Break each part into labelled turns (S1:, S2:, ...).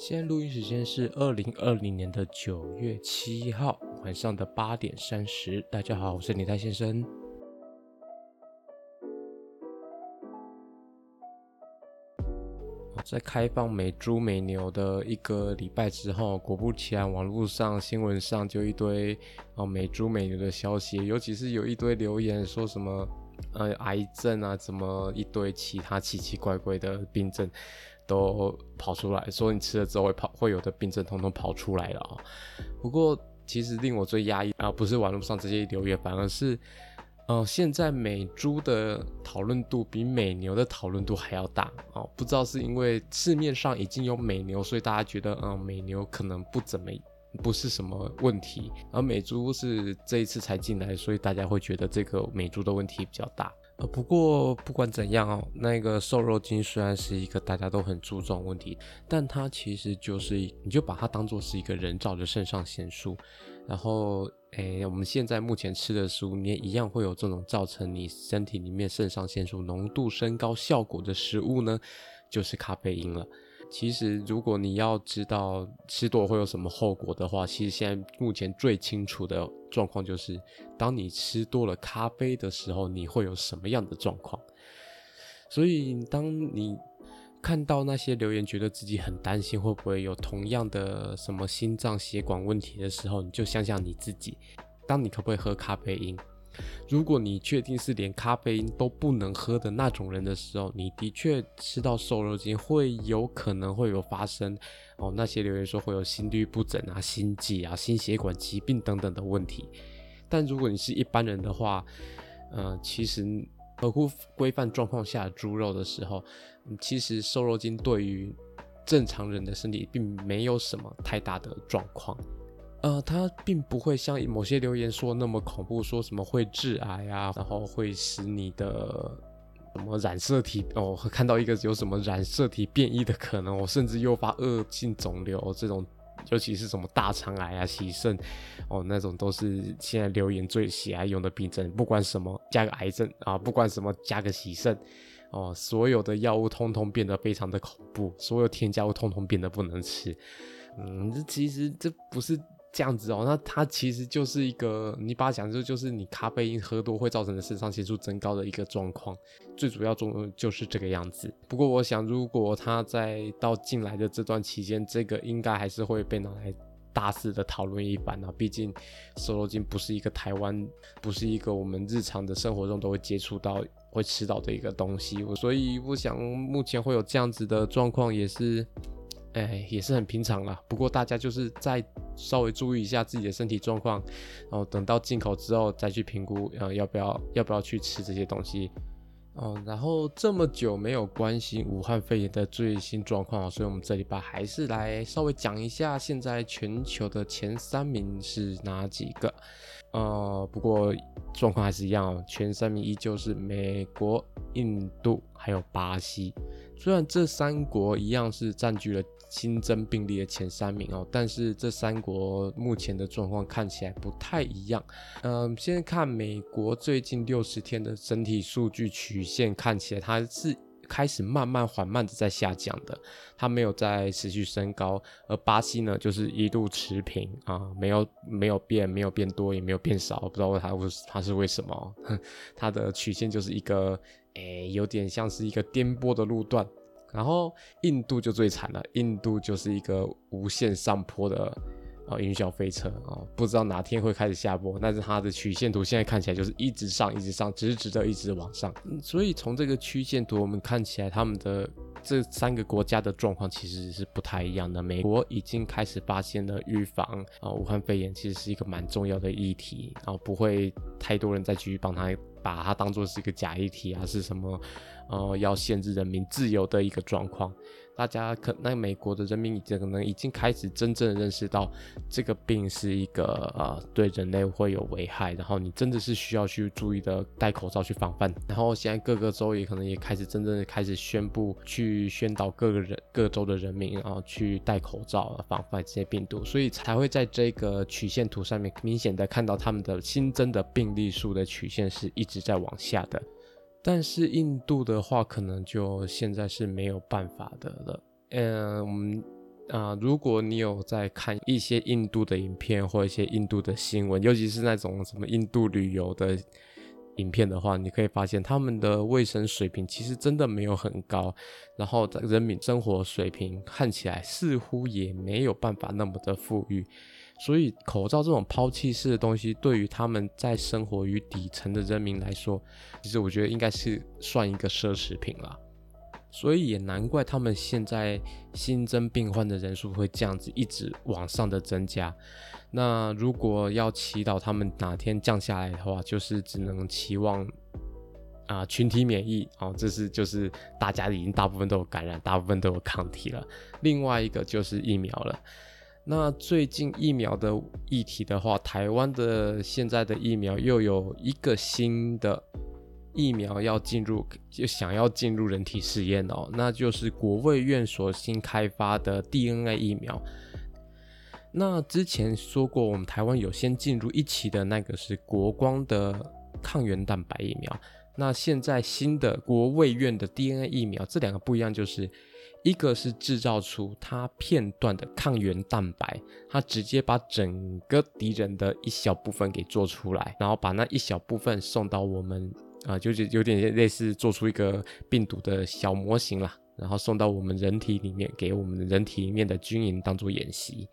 S1: 現在錄音時間是二零二零年的九月七號晚上的八點三十。大家好，我是李泰先生。在開放美豬美牛的一個禮拜之後，果不其然，網絡上、新聞上就一堆啊美豬美牛的消息，尤其是有一堆留言說什麼呃癌症啊，怎麼一堆其他奇奇怪怪的病症。都跑出來，所以你吃了之後會跑會有的病症通通跑出來了啊、哦！不過其實令我最壓抑啊，不是網絡上這些留言，反而是，呃現在美豬的討論度比美牛的討論度還要大哦，不知道是因為市面上已經有美牛，所以大家覺得嗯、呃、美牛可能不怎麼不是什麼問題，而、啊、美豬是這一次才進來，所以大家會覺得這個美豬的問題比較大。呃，不過不管怎樣哦，那個瘦肉精雖然是一個大家都很注重問題，但它其實就是，你就把它當做是一個人造的腎上腺素。然後，誒我們現在目前吃的食物，你也一樣會有這種造成你身體裡面腎上腺素濃度升高效果的食物呢，就是咖啡因了。其實，如果你要知道吃多會有什麼後果的話，其實現在目前最清楚的狀況就是，當你吃多了咖啡的時候，你會有什麼樣的狀況？所以，當你看到那些留言，覺得自己很擔心會不會有同樣的什麼心臟血管問題的時候，你就想想你自己，當你可不可以喝咖啡因？如果你確定是連咖啡因都不能喝的那種人的時候，你的確吃到瘦肉精會有可能會有發生哦。那些留言說會有心律不整啊、心悸啊、心血管疾病等等的問題。但如果你是一般人的話，呃，其實包括規範狀況下豬肉的時候，嗯，其實瘦肉精對於正常人的身體並沒有什麼太大的狀況。呃，它並不會像某些留言說那麼恐怖，說什麼會致癌啊，然後會使你的什麼染色體，哦，看到一個有什麼染色體變異的可能，我、哦、甚至誘發惡性腫瘤這種，尤其是什麼大腸癌啊、洗腎，哦，那種都是現在留言最喜愛用的病症，不管什麼加個癌症啊，不管什麼加個洗腎，哦，所有的藥物通通變得非常的恐怖，所有添加物通通變得不能吃，嗯，這其實這不是。這樣子哦，那它其實就是一個，你把它講就就是你咖啡因喝多會造成腎上腺素增高的一個狀況，最主要作用就是這個樣子。不過我想，如果他在到進來的這段期間，這個應該還是會被拿來大肆的討論一番啊，畢竟瘦肉精不是一個台灣，不是一個我們日常的生活中都會接觸到、會吃到的一個東西，所以我想目前會有這樣子的狀況也是。哎、欸，也是很平常啦，不過大家就是再稍微注意一下自己的身體狀況，然後等到進口之後再去評估，然後要不要要不要去吃這些東西。嗯、呃，然後這麼久沒有關心武漢肺炎的最新狀況，喔，所以我們這禮拜還是來稍微講一下現在全球的前三名是哪幾個。呃，不過狀況還是一樣，喔，前三名依舊是美國、印度還有巴西。雖然這三國一樣是占據了。新增病例的前三名哦，但是這三國目前的狀況看起來不太一樣。嗯、呃，先看美國最近六十天的整體數據曲線，看起來它是開始慢慢緩慢的在下降的，它沒有再持續升高。而巴西呢，就是一度持平啊、呃，沒有沒有變，沒有變多，也沒有變少，不知道它它是為什麼、哦，它的曲線就是一個誒、欸，有點像是一個顛簸的路段。然後印度就最慘了，印度就是一個無限上坡的啊雲霄飛車啊、哦，不知道哪天會開始下坡，但是它的曲線圖現在看起來就是一直上，一直上，直直的一直往上。嗯、所以從這個曲線圖，我們看起來他們的這三個國家的狀況其實是不太一樣的。美國已經開始發現了預防啊、哦、武漢肺炎其實是一個蠻重要的議題啊、哦，不會太多人再去幫他把它當做是一個假議題啊，是什麼？呃，要限制人民自由的一個狀況，大家可那美國的人民已經可能已經開始真正的認識到這個病是一個呃對人類會有危害，然後你真的是需要去注意的，戴口罩去防範。然後現在各個州也可能也開始真正的開始宣布去宣導各個人各州的人民啊，呃，去戴口罩防範這些病毒，所以才會在這個曲線圖上面明顯的看到他們的新增的病例數的曲線是一直在往下的。但是印度的話，可能就現在是沒有辦法的了。嗯，啊、呃，如果你有在看一些印度的影片，或一些印度的新聞，尤其是那種什麼印度旅游的影片的話，你可以發現他們的衛生水平其實真的沒有很高，然後人民生活水平看起來似乎也沒有辦法那麼的富裕。所以口罩這種拋棄式的東西，對於他們在生活於底層的人民來說，其實我覺得應該是算一個奢侈品了。所以也難怪他們現在新增病患的人數會這樣子一直往上的增加。那如果要祈禱他們哪天降下來的話，就是只能期望啊、呃、群體免疫啊、哦，這是就是大家已經大部分都有感染，大部分都有抗體了。另外一個就是疫苗了。那最近疫苗的議題的話，台灣的現在的疫苗又有一個新的疫苗要進入，就想要進入人體試驗哦，那就是國衛院所新開發的 DNA 疫苗。那之前說過，我們台灣有先進入一期的那個是國光的抗原蛋白疫苗，那現在新的國衛院的 DNA 疫苗，這兩個不一樣就是。一個是製造出它片段的抗原蛋白，它直接把整個敵人的一小部分給做出來，然後把那一小部分送到我們啊、呃，就是有點類似做出一個病毒的小模型啦，然後送到我們人體裡面，給我們人體裡面的軍營當做演習。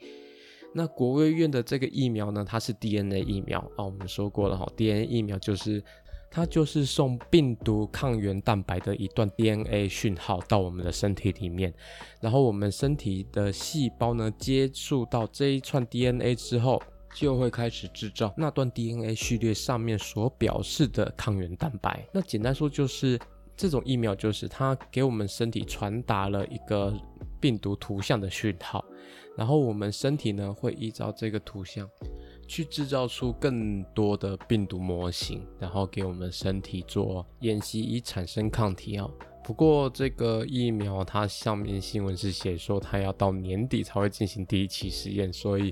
S1: 那國衛院的這個疫苗呢，它是 DNA 疫苗啊、哦，我們說過了哈、哦，DNA 疫苗就是。它就是送病毒抗原蛋白的一段 DNA 訊號到我們的身體裡面，然後我們身體的細胞呢，接觸到這一串 DNA 之後，就會開始製造那段 DNA 序列上面所表示的抗原蛋白。那簡單說就是，這種疫苗就是它給我們身體傳達了一個病毒圖像的訊號，然後我們身體呢會依照這個圖像。去製造出更多的病毒模型，然後給我們身體做演習以產生抗體哦。不過這個疫苗，它上面新聞是寫說它要到年底才會進行第一期實驗，所以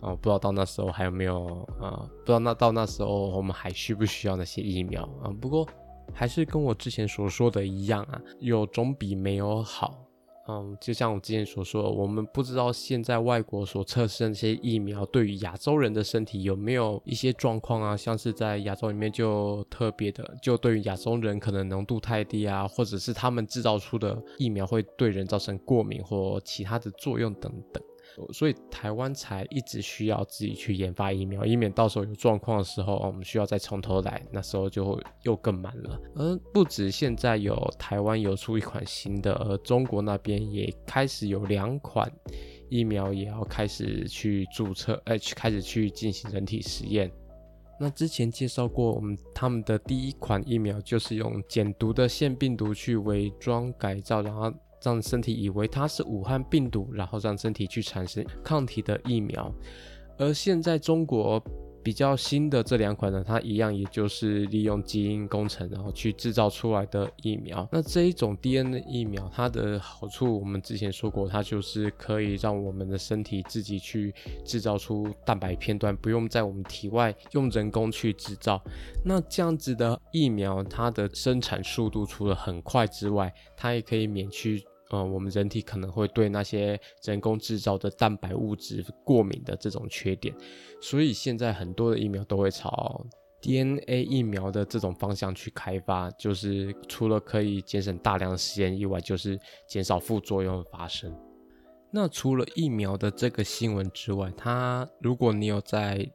S1: 啊、嗯，不知道到那時候還有沒有啊、嗯，不知道那到那時候我們還需不需要那些疫苗啊、嗯？不過還是跟我之前所說的一樣啊，有總比沒有好。嗯，就像我之前所說，我們不知道現在外國所測試的那些疫苗對於亞洲人的身體有沒有一些狀況啊，像是在亞洲裡面就特別的，就對於亞洲人可能濃度太低啊，或者是他們制造出的疫苗會對人造成過敏或其他的作用等等。所以台灣才一直需要自己去研發疫苗，以免到時候有狀況的時候，我們，嗯，需要再從頭來，那時候就又更慢了。而不止現在有台灣有出一款新的，而中國那邊也開始有兩款疫苗也要開始去註冊，呃，開始去進行人體實驗。那之前介紹過，我們他們的第一款疫苗就是用減毒的腺病毒去偽裝改造，然後。讓身體以為它是武漢病毒，然後讓身體去產生抗體的疫苗。而現在中國比較新的這兩款呢，它一樣也就是利用基因工程，然後去製造出來的疫苗。那這一種 DNA 疫苗，它的好處我們之前說過，它就是可以讓我們的身體自己去製造出蛋白片段，不用在我們體外用人工去製造。那這樣子的疫苗，它的生產速度除了很快之外，它也可以免去。呃、嗯，我們人體可能會對那些人工製造的蛋白物質過敏的這種缺點，所以現在很多的疫苗都會朝 DNA 疫苗的這種方向去開發，就是除了可以節省大量的時間以外，就是減少副作用的發生。那除了疫苗的這個新聞之外，它如果你有在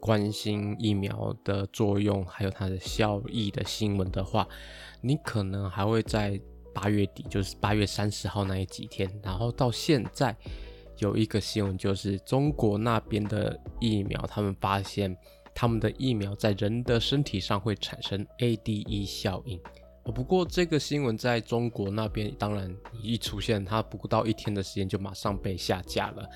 S1: 關心疫苗的作用，還有它的效益的新聞的話，你可能還會在。八月底就是八月三十號那幾天，然後到現在有一個新聞，就是中國那邊的疫苗，他們發現他們的疫苗在人的身體上會產生 ADE 效應。不過這個新聞在中國那邊當然一出現，它不到一天的時間就馬上被下架了。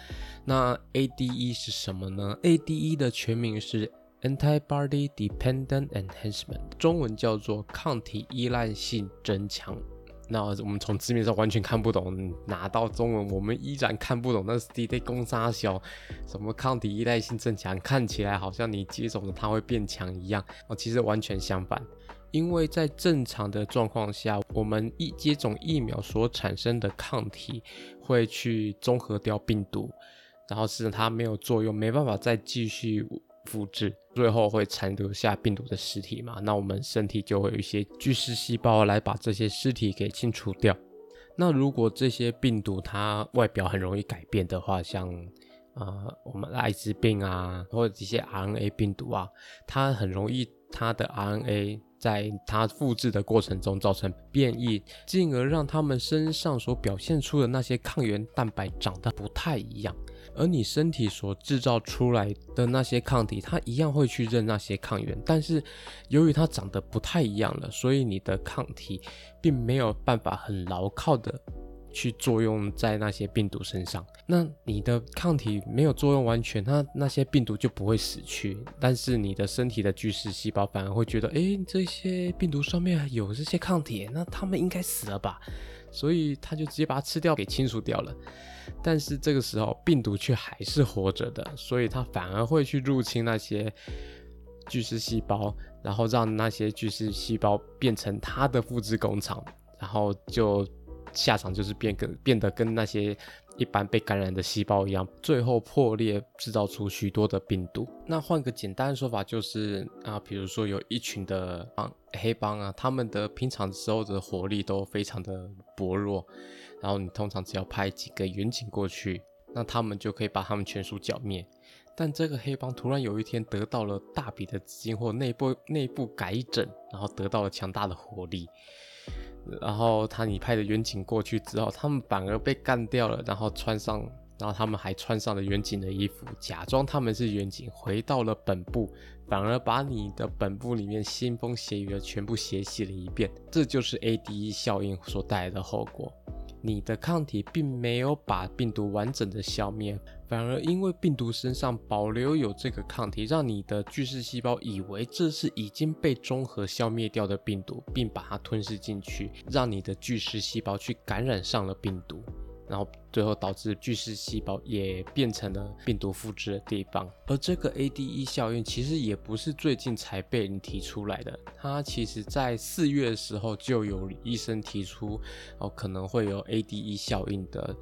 S1: 那 ADE 是什麼呢？ADE 的全名是 Antibody Dependent Enhancement，中文叫做抗體依賴性增強。那我們從字面上完全看不懂，拿到中文我們依然看不懂。那是 D D 公三小，什麼抗體依賴性增強，看起來好像你接種了它會變強一樣，哦，其實完全相反。因為在正常的狀況下，我們一接種疫苗所產生的抗體會去中和掉病毒，然後使它沒有作用，沒辦法再繼續。複制最後會殘留下病毒的屍體嘛？那我們身體就會有一些巨噬細胞來把這些屍體給清除掉。那如果這些病毒它外表很容易改變的話，像啊、呃、我們的艾滋病啊，或者一些 RNA 病毒啊，它很容易它的 RNA 在它複制的過程中造成變異，進而讓它們身上所表現出的那些抗原蛋白長得不太一樣。而你身體所製造出來的那些抗體，它一樣會去認那些抗原，但是由於它長得不太一樣了，所以你的抗體並沒有辦法很牢靠的，去作用在那些病毒身上，那你的抗體沒有作用完全，它那，那些病毒就不會死去。但是你的身體的巨噬細胞反而會覺得，哎，這些病毒上面有這些抗體，那他們應該死了吧？所以它就直接把它吃掉，給清除掉了。但是這個時候病毒卻還是活着的，所以它反而會去入侵那些巨噬細胞，然後讓那些巨噬細胞變成它的複製工廠，然後就。下場就是變更，變得跟那些一般被感染的細胞一樣，最後破裂，製造出許多的病毒。那換個簡單的說法，就是啊，比如說有一群的啊黑幫啊，他們的平常時候的火力都非常的薄弱，然後你通常只要派幾個員警過去，那他們就可以把他們全數剿滅。但這個黑幫突然有一天得到了大筆的資金或內部內部改整，然後得到了強大的火力。然後他，你派的遠景過去之後，他們反而被幹掉了。然後穿上，然後他們還穿上了遠景的衣服，假裝他們是遠景回到了本部，反而把你的本部裡面腥風血雨的全部血洗了一遍。這就是 ADE 效應所帶來的後果。你的抗體並沒有把病毒完整的消滅。反而因為病毒身上保留有這個抗體，讓你的巨噬細胞以為這是已經被中和消滅掉的病毒，並把它吞噬進去，讓你的巨噬細胞去感染上了病毒，然後最後導致巨噬細胞也變成了病毒複制的地方。而這個 ADE 效應其實也不是最近才被人提出來的，它其實，在四月的時候就有醫生提出，哦，可能會有 ADE 效應的。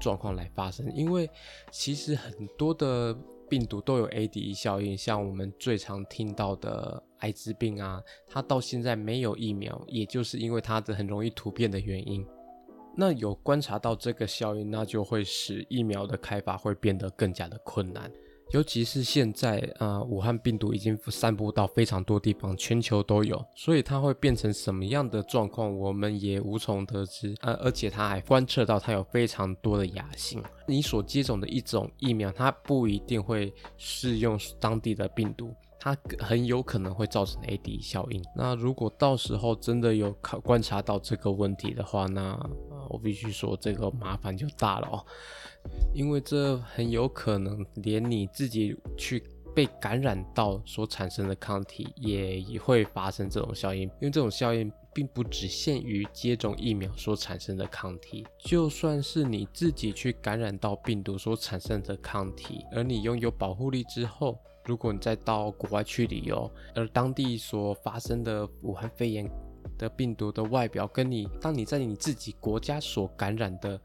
S1: 狀況來發生，因為其實很多的病毒都有 ADE 效應，像我們最常聽到的艾滋病啊，它到現在沒有疫苗，也就是因為它的很容易突變的原因。那有觀察到這個效應，那就會使疫苗的開發會變得更加的困難。尤其是現在啊、呃，武漢病毒已經散布到非常多地方，全球都有，所以它會變成什麼樣的狀況，我們也無從得知而、呃、而且它還觀測到，它有非常多的亞型。你所接種的一種疫苗，它不一定會適用當地的病毒，它很有可能會造成 ADE 效應。那如果到時候真的有考觀察到這個問題的話，那我必須說，這個麻煩就大了哦，因為這很有可能連你自己去被感染到所產生的抗體也會發生這種效應，因為這種效應並不只限於接種疫苗所產生的抗體，就算是你自己去感染到病毒所產生的抗體，而你擁有保護力之後，如果你再到國外去旅遊，而當地所發生的武漢肺炎，的病毒的外表跟你當你在你自己國家所感染的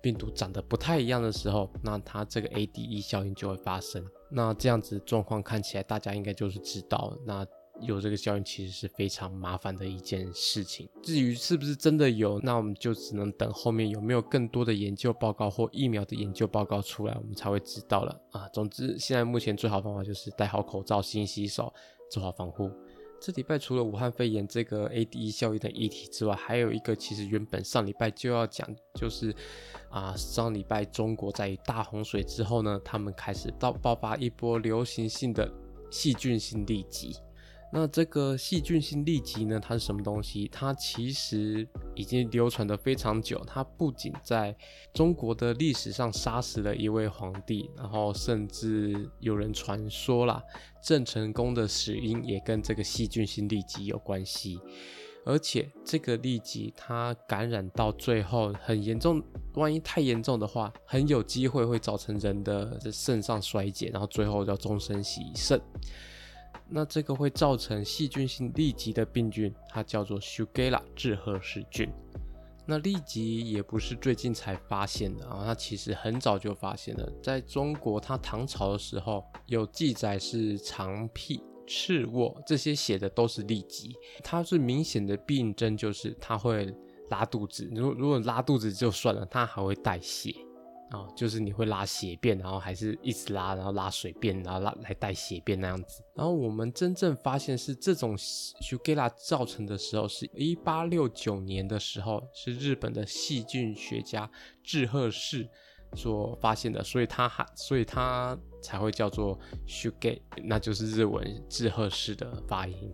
S1: 病毒長得不太一樣的時候，那它這個 ADE 效應就會發生。那這樣子狀況看起來，大家應該就是知道，那有這個效應其實是非常麻煩的一件事情。至於是不是真的有，那我們就只能等後面有沒有更多的研究報告或疫苗的研究報告出來，我們才會知道了啊。總之，現在目前最好的方法就是戴好口罩、勤洗手、做好防護。這禮拜除了武漢肺炎這個 ADE 效應的議題之外，還有一個其實，原本上禮拜就要講，就是啊，上禮拜中國在大洪水之後呢，他們開始爆爆發一波流行性的細菌性痢疾。那這個細菌性痢疾呢？它是什麼東西？它其實已經流傳得非常久。它不僅在中國的歷史上殺死了一位皇帝，然後甚至有人傳說了鄭成功的死因也跟這個細菌性痢疾有關係。而且這個痢疾它感染到最後很嚴重，萬一太嚴重的話，很有機會會造成人的腎上衰竭，然後最後要終身洗腎。那這個會造成細菌性痢疾的病菌，它叫做 Shigella 志賀氏菌。那痢疾也不是最近才發現的啊，它其實很早就發現了。在中國，它唐朝的時候有記載是腸澼、赤沃，這些寫的都是痢疾。它最是明顯的病症就是它會拉肚子，如果如果拉肚子就算了，它還會帶血。啊、哦，就是你會拉血便，然後還是一直拉，然後拉水便，然後拉來帶血便那樣子。然後我們真正發現是這種 shigella 造成的時候，是一八六九年的時候，是日本的細菌學家志賀氏所發現的，所以它還，所以它才會叫做 shigella，那就是日文志賀氏的發音。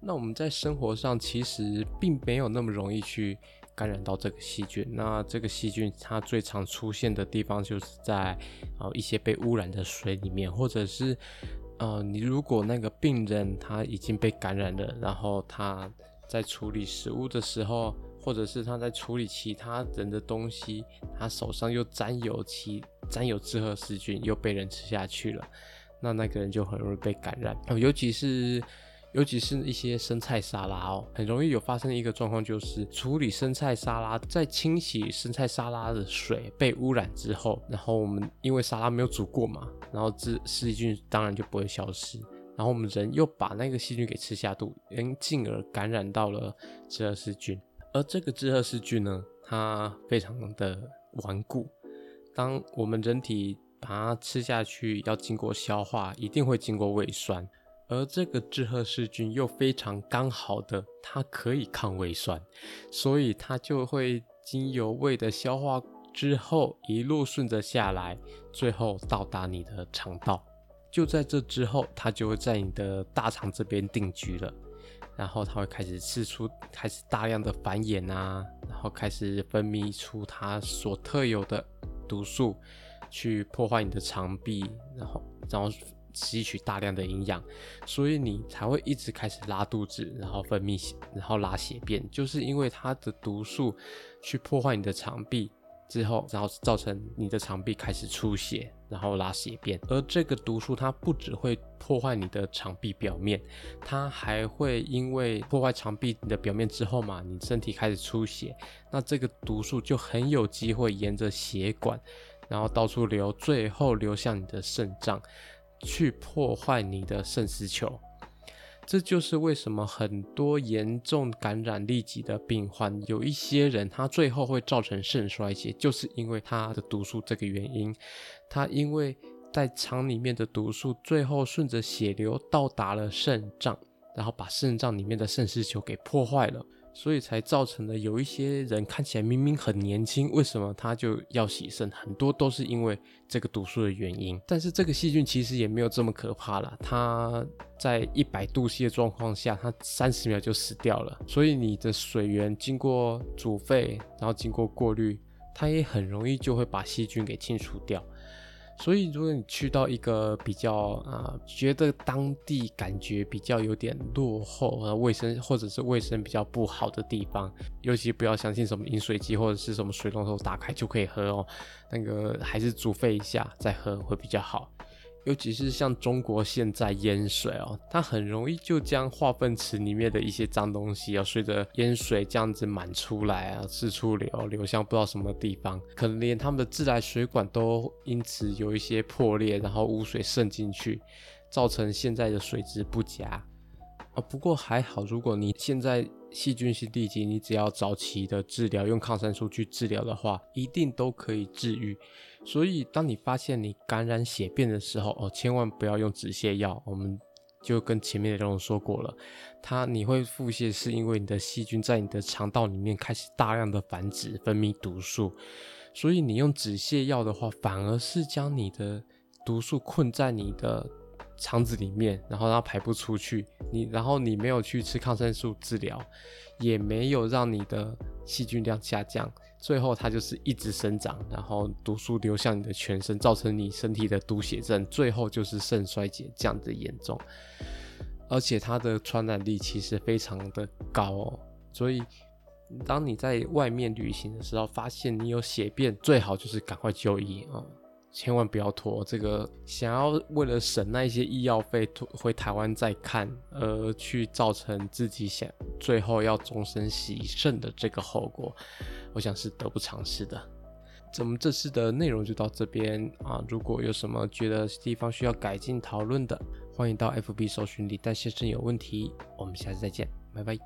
S1: 那我們在生活上其實並沒有那麼容易去。感染到這個細菌，那這個細菌它最常出現的地方就是在、呃、一些被污染的水裡面，或者是、呃、你如果那個病人他已經被感染了，然後他在處理食物的時候，或者是他在處理其他人的東西，他手上又沾有其沾有志賀氏菌，又被人吃下去了，那那個人就很容易被感染。哦、呃，尤其是。尤其是一些生菜沙拉哦，很容易有發生一個狀況，就是處理生菜沙拉，在清洗生菜沙拉的水被污染之後，然後我們因為沙拉沒有煮過嘛，然後志細菌當然就不會消失，然後我們人又把那個細菌給吃下肚，連進而感染到了志賀氏菌，而這個志賀氏菌呢，它非常的頑固，當我們人體把它吃下去，要經過消化，一定會經過胃酸。而這個志賀氏菌又非常剛好的，它可以抗胃酸，所以它就會經由胃的消化之後，一路順着下來，最後到達你的腸道。就在這之後，它就會在你的大腸這邊定居了，然後它會開始刺出，開始大量的繁衍啊，然後開始分泌出它所特有的毒素，去破壞你的腸壁，然後，然後。吸取大量的營養，所以你才會一直開始拉肚子，然後分泌，然後拉血便，就是因為它的毒素去破壞你的腸壁之後，然後造成你的腸壁開始出血，然後拉血便。而這個毒素它不只會破壞你的腸壁表面，它還會因為破壞腸壁你的表面之後嘛，你身體開始出血，那這個毒素就很有機會沿着血管，然後到處流，最後流向你的腎臟。去破壞你的腎絲球。這就是為什麼很多嚴重感染痢疾的病患，有一些人他最後會造成腎衰竭，就是因為他的毒素這個原因，他因為在腸裡面的毒素，最後順着血流到達了腎臟，然後把腎臟裡面的腎絲球給破壞了。所以才造成了有一些人看起來明明很年輕，為什麼他就要洗腎？很多都是因為這個毒素的原因。但是這個細菌其實也沒有這麼可怕了，它在一百度 C 的狀況下，它三十秒就死掉了。所以你的水源經過煮沸，然後經過過濾，它也很容易就會把細菌給清除掉。所以，如果你去到一個比較啊、呃，覺得當地感覺比較有點落後啊、呃，衛生或者是衛生比較不好的地方，尤其不要相信什麼飲水機或者是什麼水龍頭打開就可以喝哦，那個還是煮沸一下再喝會比較好。尤其是像中國現在淹水哦、喔，它很容易就將化糞池裡面的一些髒東西哦、喔，隨着淹水這樣子滿出來啊，四處流流向不知道什麼地方，可能連他們的自來水管都因此有一些破裂，然後污水滲進去，造成現在的水質不佳啊、喔。不過還好，如果你現在細菌性痢疾，你只要早期的治療，用抗生素去治療的話，一定都可以治癒。所以，當你發現你感染血便的時候，哦，千萬不要用止瀉藥。我們就跟前面的內容說過了，它你會腹瀉，是因為你的細菌在你的腸道裡面開始大量的繁殖，分泌毒素。所以你用止瀉藥的話，反而是將你的毒素困在你的腸子裡面，然後它排不出去。你然後你沒有去吃抗生素治療，也沒有讓你的細菌量下降。最後，它就是一直生長，然後毒素流向你的全身，造成你身體的毒血症，最後就是腎衰竭這樣的嚴重。而且它的傳染力其實非常的高哦，所以當你在外面旅行的時候，發現你有血便，最好就是趕快就醫啊哦。千萬不要拖這個，想要為了省那一些醫藥費拖回台灣再看，呃，去造成自己想最後要終身洗腎的這個後果，我想是得不償失的。咱們這次的內容就到這邊啊，如果有什麼覺得地方需要改進討論的，歡迎到 FB 搜尋李誕先生有問題。我們下次再見，拜拜。